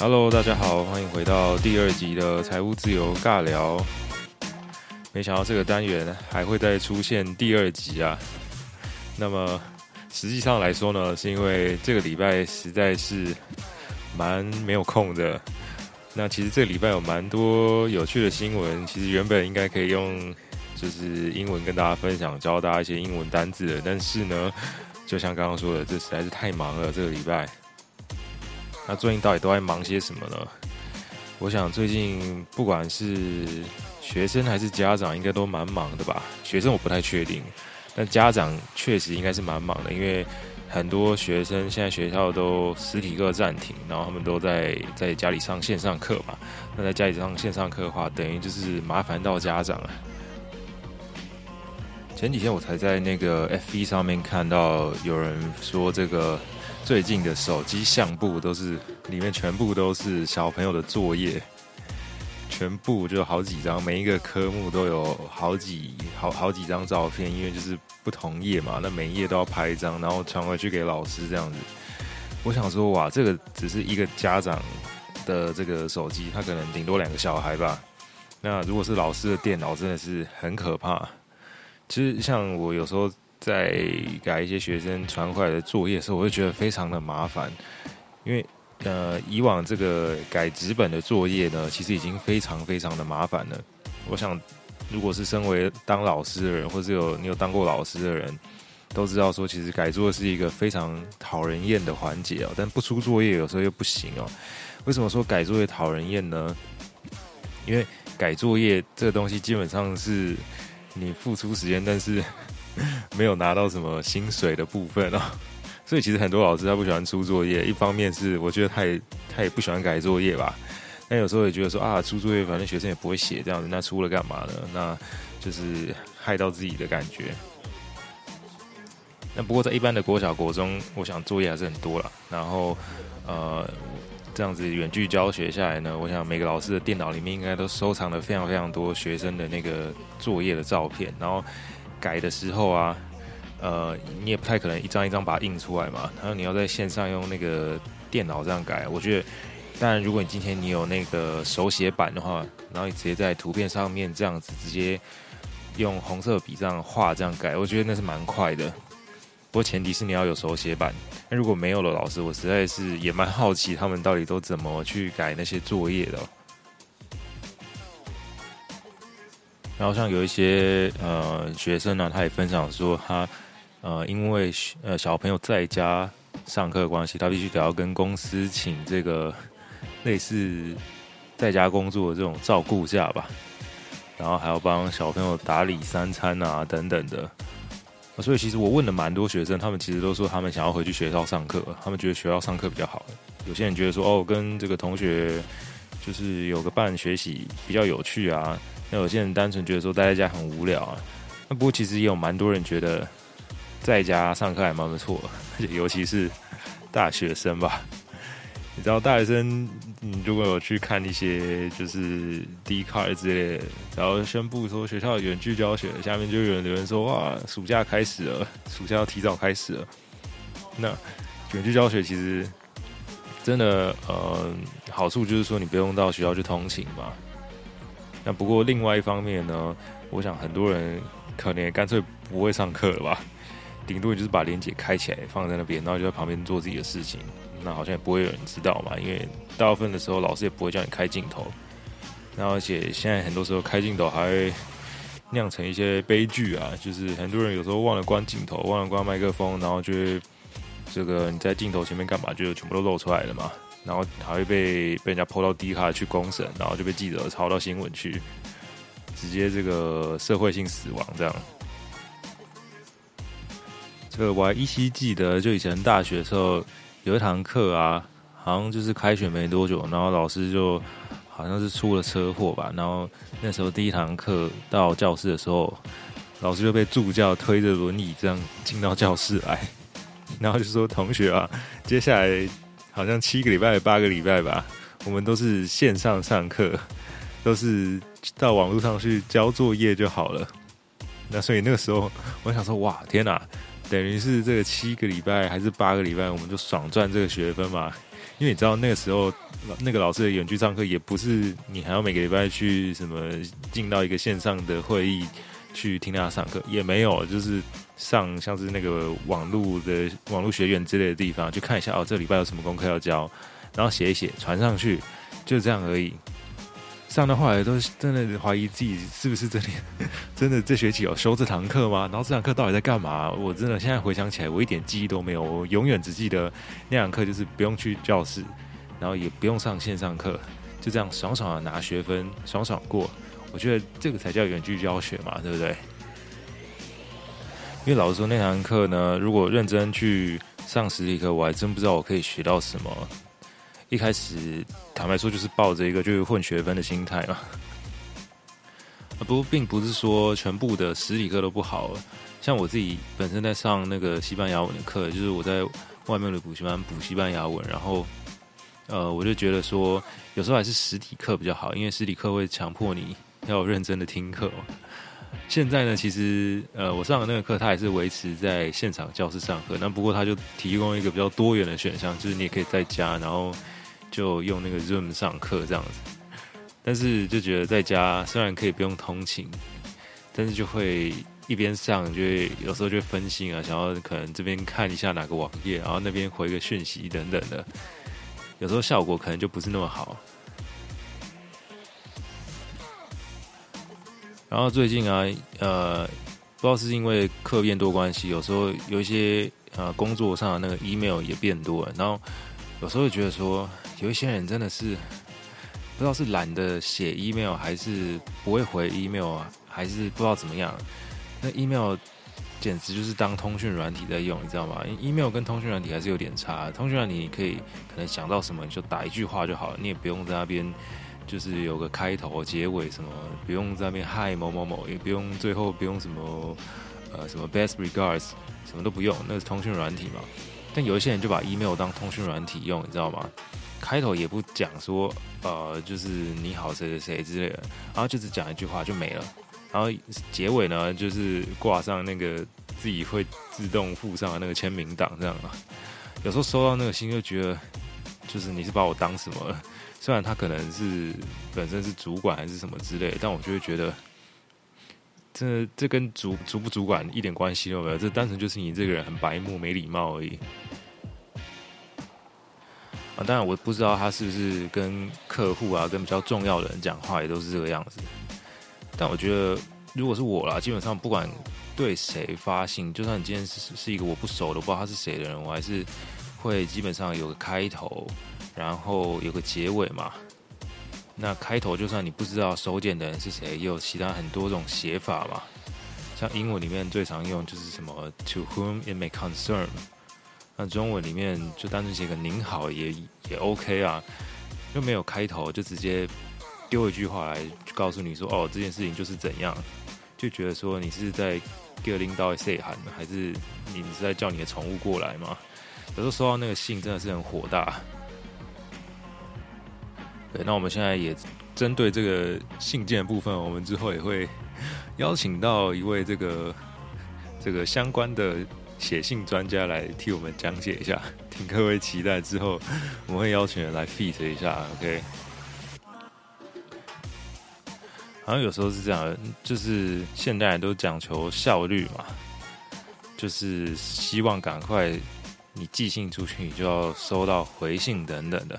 Hello，大家好，歡迎回到第二集的財務自由尬聊。沒想到這個單元還會再出現第二集啊。那麼實際上來說呢，是因為這個禮拜實在是蠻沒有空的。那其實這個禮拜有蠻多有趣的新聞，其實原本應該可以用就是英文跟大家分享，教大家一些英文單字的。但是呢，就像剛剛說的，這實在是太忙了，這個禮拜。那、啊、最近到底都在忙些什麼呢？我想最近不管是學生還是家長，應該都蠻忙的吧。學生我不太確定，但家長確實應該是蠻忙的，因為很多學生現在學校都實體課暫停，然後他們都在在家裡上線上課嘛。那在家裡上線上課的話，等於就是麻煩到家長了。前幾天我才在那個 F 一上面看到有人說這個。最近的手機相簿都是裡面全部都是小朋友的作業，全部就好幾張，每一個科目都有好幾好好幾張照片，因為就是不同頁嘛，那每一頁都要拍一張，然後傳回去給老師這樣子。我想說，哇，這個只是一個家長的這個手機，他可能頂多兩個小孩吧。那如果是老師的電腦，真的是很可怕。其實像我有時候，在改一些學生傳回來的作業的時候，我會覺得非常的麻煩，因為呃，以往這個改紙本的作業呢，其實已經非常非常的麻煩了。我想，如果是身為當老師的人，或是有你有當過老師的人，都知道說，其實改作業是一個非常討人厭的環節哦。但不出作業，有時候又不行哦。為什麼說改作業討人厭呢？因為改作業這個東西基本上是你付出時間，但是。沒有拿到什麼薪水的部分啊、哦，所以其實很多老師他不喜歡出作業，一方面是我覺得他也他也不喜歡改作業吧，那有時候也覺得說啊出作業反正學生也不會寫，這樣子那出了幹嘛呢？那就是害到自己的感覺。那不過在一般的國小國中，我想作業還是很多了。然後呃這樣子遠距教學下來呢，我想每個老師的電腦裡面應該都收藏了非常非常多學生的那個作業的照片，然後。改的時候啊，呃，你也不太可能一張一張把它印出來嘛，然後你要在線上用那個電腦這樣改。我覺得，當然如果你今天你有那個手寫板的話，然後你直接在圖片上面這樣子直接用紅色筆這樣畫這樣改，我覺得那是蠻快的。不過前提是你要有手寫板。那如果沒有了，老師，我實在是也蠻好奇他們到底都怎麼去改那些作業的哦。然後像有一些呃學生呢，他也分享說他呃因為呃小朋友在家上課的關係，他必須得要跟公司請這個類似在家工作的這種照顧假吧，然後還要幫小朋友打理三餐啊等等的。所以其實我問了蠻多學生，他們其實都說他們想要回去學校上課，他們覺得學校上課比較好。有些人覺得說哦跟這個同學就是有個伴學習比較有趣啊。那有些人單純覺得說待在家很無聊啊，那不過其實也有蠻多人覺得在家上課還蠻不錯，而且尤其是大學生吧。你知道大學生，你如果有去看一些就是 Dcard 之類的，然後宣布說學校遠距教學，下面就有人留言說哇，暑假開始了，暑假要提早開始了。那遠距教學其實真的呃，好處就是說你不用到學校去通勤吧。不過另外一方面呢，我想很多人可能也乾脆不會上課了吧，頂多也就是把連結開起來放在那邊，然後就在旁邊做自己的事情，那好像也不會有人知道嘛，因為大部分的時候老師也不會叫你開鏡頭，那而且現在很多時候開鏡頭還會釀成一些悲劇啊，就是很多人有時候忘了關鏡頭，忘了關麥克風，然後就這個你在鏡頭前面幹嘛，就全部都露出來了嘛。然後還會被被人家 PO 到 D 卡去公審，然後就被記者抄到新聞去，直接這個社會性死亡這樣。這個 我還依稀記得，就以前大學的時候有一堂課啊，好像就是開學沒多久，然後老師就好像是出了車禍吧，然後那時候第一堂課到教室的時候，老師就被助教推着輪椅這樣進到教室來，然後就說：“同學啊，接下來。”好像七個禮拜八個禮拜吧，我們都是線上上課，都是到網絡上去交作業就好了。那所以那個時候，我想說，哇，天哪，等於是這個七個禮拜還是八個禮拜，我們就爽賺這個學分嘛？因為你知道那個時候，那個老師的遠距上課也不是你還要每個禮拜去什麼進到一個線上的會議去聽他上課，也沒有就是。上像是那個網絡的網絡學院之類的地方去看一下哦，這禮拜有什麼功課要交，然後寫一寫傳上去，就這樣而已。上到後來都真的懷疑自己是不是真的真的這學期有修這堂課嗎？然後這堂課到底在幹嘛？我真的現在回想起來，我一點記憶都沒有。我永遠只記得那堂課就是不用去教室，然後也不用上線上課，就這樣爽爽的拿學分，爽爽過。我覺得這個才叫遠距教學嘛，對不對？因為老實說，那堂課呢，如果認真去上實體課，我還真不知道我可以學到什麼。一開始，坦白說，就是抱着一個就是混學分的心態嘛。啊，不，並不是說全部的實體課都不好。像我自己本身在上那個西班牙文的課，就是我在外面的補習班補西班牙文，然後，呃，我就覺得說，有時候還是實體課比較好，因為實體課會強迫你要認真的聽課。現在呢，其實呃，我上的那個課，他也是維持在現場教室上課。那不過他就提供一個比較多元的選項，就是你也可以在家，然後就用那個 Zoom 上課這樣子。但是就覺得在家雖然可以不用通勤，但是就會一邊上就會有時候就會分心啊，想要可能這邊看一下哪個網頁，然後那邊回個訊息等等的，有時候效果可能就不是那麼好。然後最近啊，呃，不知道是因為課變多關係，有時候有一些呃工作上的那個 email 也變多了。然後有時候就覺得說，有一些人真的是不知道是懶得寫 email，還是不會回 email 啊，還是不知道怎麼樣。那 email 簡直就是當通訊軟體在用，你知道嗎？因為 email 跟通訊軟體還是有點差。通訊軟體你可以可能想到什麼你就打一句話就好了，你也不用在那邊。就是有個開頭、結尾，什麼不用在那邊嗨某某某，也不用最後不用什麼，呃，什麼 best regards，什麼都不用，那是通訊軟體嘛。但有一些人就把 email 當通訊軟體用，你知道嗎？開頭也不講說，呃，就是你好誰誰誰之類的，然後就只講一句話就沒了，然後結尾呢就是掛上那個自己會自動附上的那個簽名檔這樣啊。有時候收到那個信就覺得，就是你是把我當什麼了？雖然他可能是本身是主管還是什麼之類，但我就會覺得這，這這跟主主不主管一點關係都沒有，這單純就是你這個人很白目、沒禮貌而已。啊，當然我不知道他是不是跟客戶啊、跟比較重要的人講話也都是這個樣子，但我覺得如果是我啦，基本上不管對誰發信，就算你今天是是一個我不熟的、我不知道他是誰的人，我還是會基本上有個開頭。然後有個結尾嘛，那開頭就算你不知道收件的人是誰，也有其他很多種寫法嘛。像英文裡面最常用就是什麼 “To whom it may concern”，那中文裡面就單純寫個“您好”，也也 OK 啊。又沒有開頭，就直接丟一句話來告訴你說：“哦，這件事情就是怎樣。”就覺得說你是在給領導 say 函，還是你是在叫你的寵物過來嗎？有時候收到那個信真的是很火大。對，那我們現在也針對這個信件的部分，我們之後也會邀請到一位這個這個相關的寫信專家來替我們講解一下，請各位期待之後我們會邀請人來 feat 一下，OK？好像有時候是這樣，就是現代人都講求效率嘛，就是希望趕快你寄信出去你就要收到回信等等的。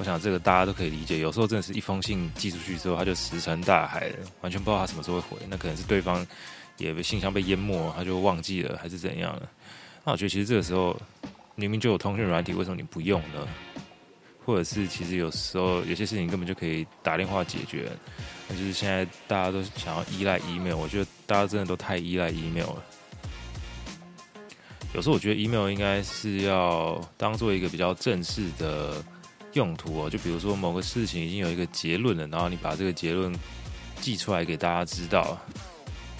我想這個大家都可以理解。有時候真的是一封信寄出去之後，它就石沉大海了，完全不知道它什麼時候會回。那可能是對方也被信箱被淹沒，他就忘記了，還是怎樣了？那我覺得其實這個時候明明就有通訊軟體，為什麼你不用呢？或者是其實有時候有些事情根本就可以打電話解決。那就是現在大家都想要依賴 email，我覺得大家真的都太依賴 email 了。有時候我覺得 email 應該是要當做一個比較正式的。用途哦、喔，就比如說某個事情已經有一個結論了，然後你把這個結論寄出來給大家知道，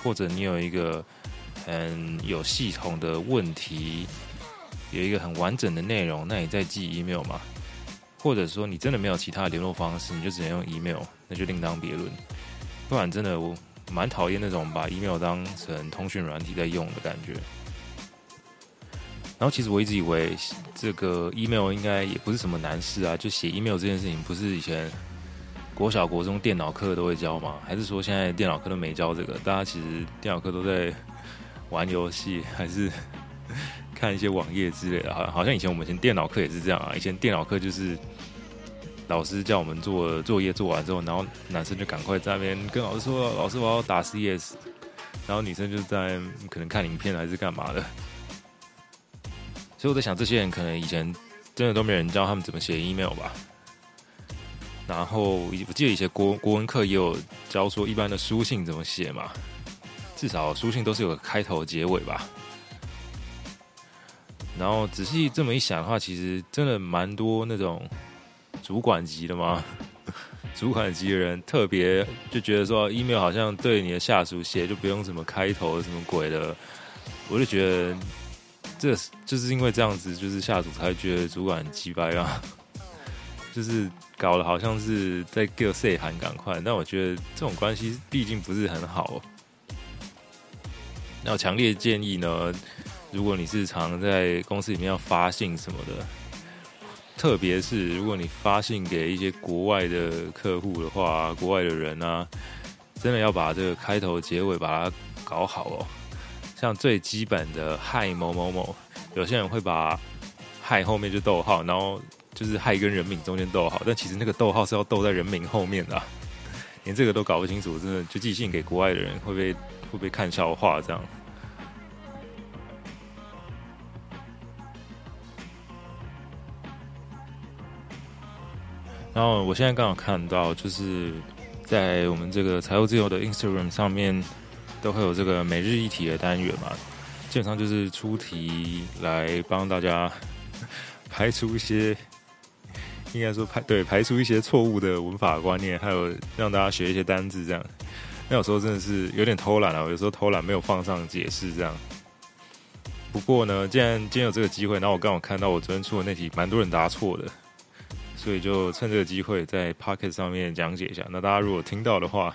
或者你有一個很有系統的問題，有一個很完整的內容，那你再寄 email 嘛？或者說你真的沒有其他的聯絡方式，你就只能用 email，那就另當別論。不然真的我蠻討厭那種把 email 當成通訊軟體在用的感覺。然後其實我一直以為這個 email 應該也不是什麼難事啊，就寫 email 這件事情不是以前國小國中電腦課都會教嗎？還是說現在電腦課都沒教這個？大家其實電腦課都在玩遊戲，還是看一些網頁之類的。好，好像以前我們以前電腦課也是這樣啊。以前電腦課就是老師叫我們做作業做完之後，然後男生就趕快在那邊跟老師說：“老師，我要打 CS。”然後女生就在可能看影片還是幹嘛的。所以我在想，這些人可能以前真的都沒人教他們怎麼寫 email 吧。然後，我記得以前國國文課也有教說一般的書信怎麼寫嘛，至少書信都是有個開頭、結尾吧。然後仔細這麼一想的話，其實真的蠻多那種主管級的嘛， 主管級的人特別就覺得說 email 好像對你的下屬寫就不用什麼開頭什麼鬼的，我就覺得。這就是因為這樣子，就是下屬才覺得主管很雞掰嘛， 就是搞得好像是在給 say 喊趕快。但我覺得這種關係畢竟不是很好哦，那我強烈建議呢，如果你是常在公司裡面要發信什麼的，特別是如果你發信給一些國外的客戶的話，國外的人啊，真的要把這個開頭、結尾把它搞好哦。像最基本的“嗨某某某”，有些人會把“嗨”後面就逗號，然後就是“嗨”跟人名中間逗號，但其實那個逗號是要逗在人名後面的。連這個都搞不清楚，真的就寄信給國外的人，會不會會不會看笑話？這樣。然後我現在剛好看到，就是在我們這個財務自由的 Instagram 上面。都會有這個每日一題的單元嘛，基本上就是出題來幫大家排除一些，應該說排對排除一些錯誤的文法觀念，還有讓大家學一些單字這樣。那有時候真的是有點偷懶了啊，有時候偷懶沒有放上解釋這樣。不過呢，既然今天有這個機會，那我剛好看到我昨天出的那題，蠻多人答錯的，所以就趁這個機會在 Pocket 上面講解一下。那大家如果聽到的話，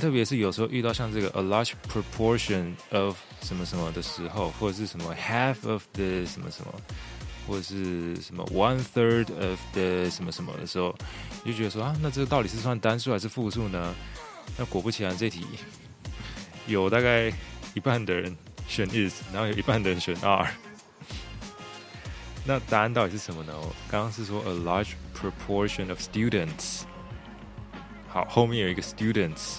特別是有時候遇到像這個 a large proportion of 什麼什麼的時候，或者是什麼 half of the 什麼什麼，或者是什麼 one third of the 什麼什麼的時候，你就覺得說啊，那這個到底是算單數還是複數呢？那果不其然，這題有大概一半的人選 is，然後有一半的人選 are。那答案到底是什麼呢？我剛剛是說 a large proportion of students。好，後面有一個 students。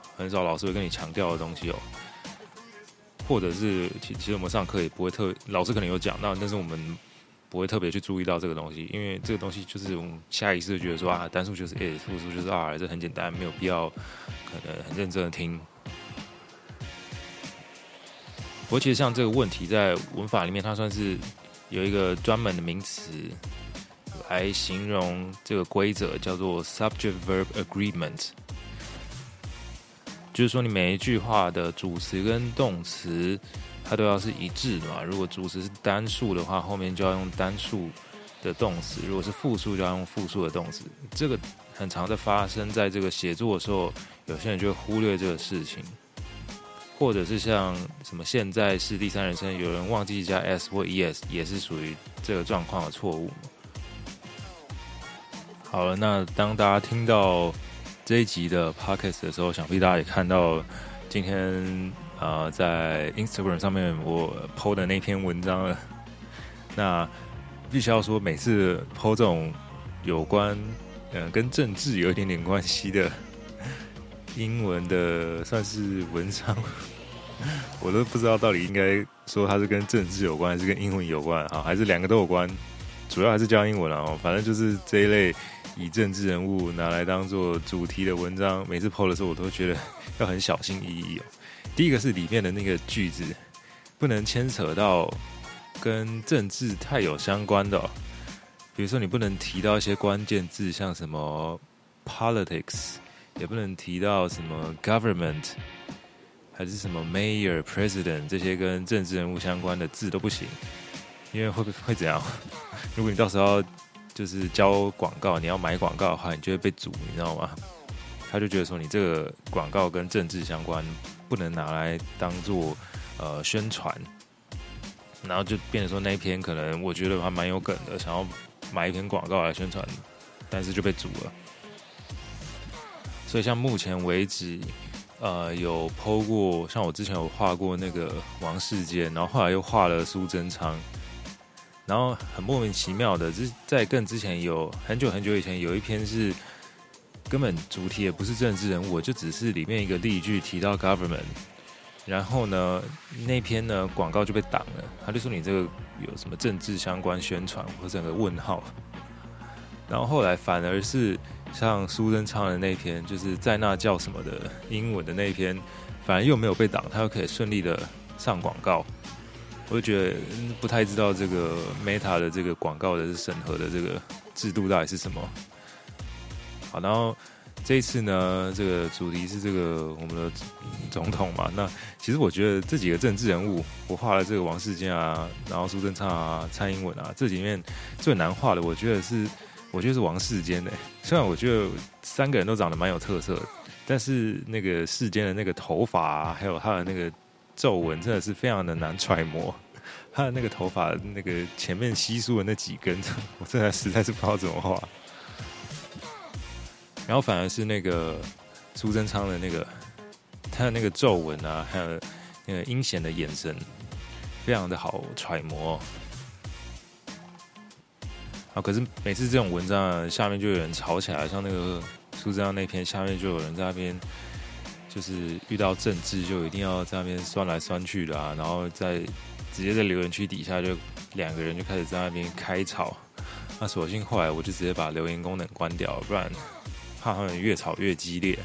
很少老師會跟你強調的東西哦、喔，或者是其其實我們上課也不會特老師可能有講到，但是我們不會特別去注意到這個東西，因為這個東西就是我們下意識覺得說啊，單數就是 is，複數就是 are，這很簡單，沒有必要可能很認真的聽。不過其實像這個問題在文法裡面，它算是有一個專門的名詞來形容這個規則，叫做 subject verb agreement。就是說，你每一句話的主詞跟動詞，它都要是一致的嘛。如果主詞是單數的話，後面就要用單數的動詞；如果是複數，就要用複數的動詞。這個很常的發生在這個寫作的時候，有些人就會忽略這個事情，或者是像什麼現在是第三人稱，有人忘記加 s 或 es，也是屬於這個狀況的錯誤。好了，那當大家聽到。這一集的 podcast 的時候，想必大家也看到，今天啊、呃，在 Instagram 上面我 Po 的那篇文章了。那必須要說，每次 Po 這種有關嗯、呃、跟政治有一點點關係的英文的，算是文章，我都不知道到底應該說它是跟政治有關，還是跟英文有關，好、啊，還是兩個都有關。主要還是教英文啊，反正就是這一類以政治人物拿來當做主題的文章，每次 po 的時候我都覺得要很小心翼翼哦、喔。第一個是裡面的那個句子不能牽扯到跟政治太有相關的、喔，比如說你不能提到一些關鍵字，像什麼 politics，也不能提到什麼 government，還是什麼 mayor、president，這些跟政治人物相關的字都不行。因為會不會怎樣？如果你到時候就是交廣告，你要買廣告的話，你就會被阻，你知道嗎？他就覺得說你這個廣告跟政治相關，不能拿來當做呃宣傳，然後就變成說那一篇可能我覺得還蠻有梗的，想要買一篇廣告來宣傳，但是就被阻了。所以像目前為止，呃，有 po 過，像我之前有畫過那個王世堅，然後後來又畫了蘇貞昌。然後很莫名其妙的，就是在更之前有很久很久以前有一篇是根本主題也不是政治人物，就只是裡面一個例句提到 government，然後呢，那篇呢廣告就被擋了，他就說你這個有什麼政治相關宣傳，我整個問號。然後後來反而是像蘇貞昌的那篇，就是在那叫什麼的英文的那篇，反而又沒有被擋，他又可以順利的上廣告。我就覺得不太知道這個 Meta 的這個廣告的審核的這個制度到底是什麼？好，然後這一次呢，這個主題是這個我們的總統嘛。那其實我覺得這幾個政治人物，我畫了這個王世堅啊，然後蘇貞昌啊，蔡英文啊，這裡面最難畫的，我覺得是我覺得是王世堅誒、欸。雖然我覺得三個人都長得蠻有特色，但是那個世堅的那個頭髮啊，還有他的那個。皺紋真的是非常的難揣摩，他的那個頭髮那個前面稀疏的那幾根，我真的實在是不知道怎麼畫。然後反而是那個蘇貞昌的那個，他的那個皺紋啊，還有那個陰險的眼神，非常的好揣摩。啊，可是每次這種文章下面就有人吵起來，像那個蘇貞昌那篇下面就有人在那邊。就是遇到政治就一定要在那邊酸來酸去的啊，然後在直接在留言區底下就兩個人就開始在那邊開吵，那索性後來我就直接把留言功能關掉，不然怕他們越吵越激烈。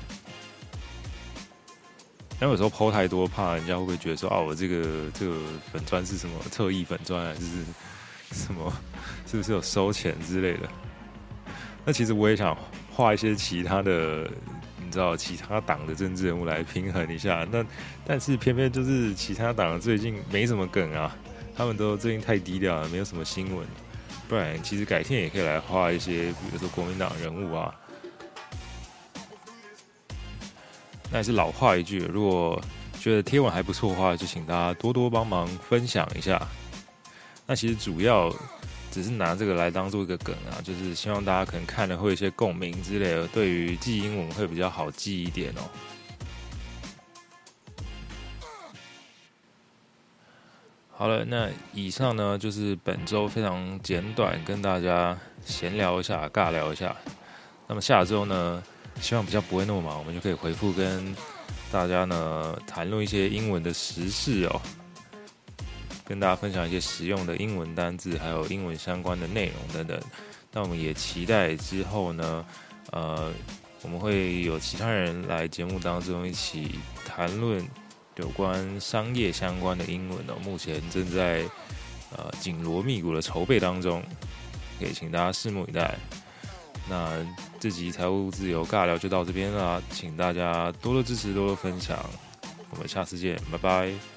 因為有時候 po 太多，怕人家會不會覺得說啊，我這個這個粉專是什麼特意粉專，還是什麼是不是有收錢之類的？那其實我也想畫一些其他的。找其他黨的政治人物來平衡一下，那但是偏偏就是其他黨最近沒什麼梗啊，他們都最近太低調了，沒有什麼新聞。不然其實改天也可以來畫一些，比如說國民黨人物啊。那也是老話一句，如果覺得貼文還不錯的話，就請大家多多幫忙分享一下。那其實主要。只是拿這個來當作一個梗啊，就是希望大家可能看了會有一些共鳴之類的。對於記英文會比較好記一點哦。好了，那以上呢就是本周非常簡短，跟大家閒聊一下，尬聊一下。那麼下周呢，希望比較不會那麼忙，我們就可以回復跟大家呢談論一些英文的時事哦。跟大家分享一些實用的英文單字，還有英文相關的內容等等。那我們也期待之後呢，呃，我們會有其他人來節目當中一起談論有關商業相關的英文喔。目前正在呃緊鑼密鼓的籌備當中，可以請大家拭目以待。那這集財務自由尬聊就到這邊啦，請大家多多支持，多多分享。我們下次見，拜拜。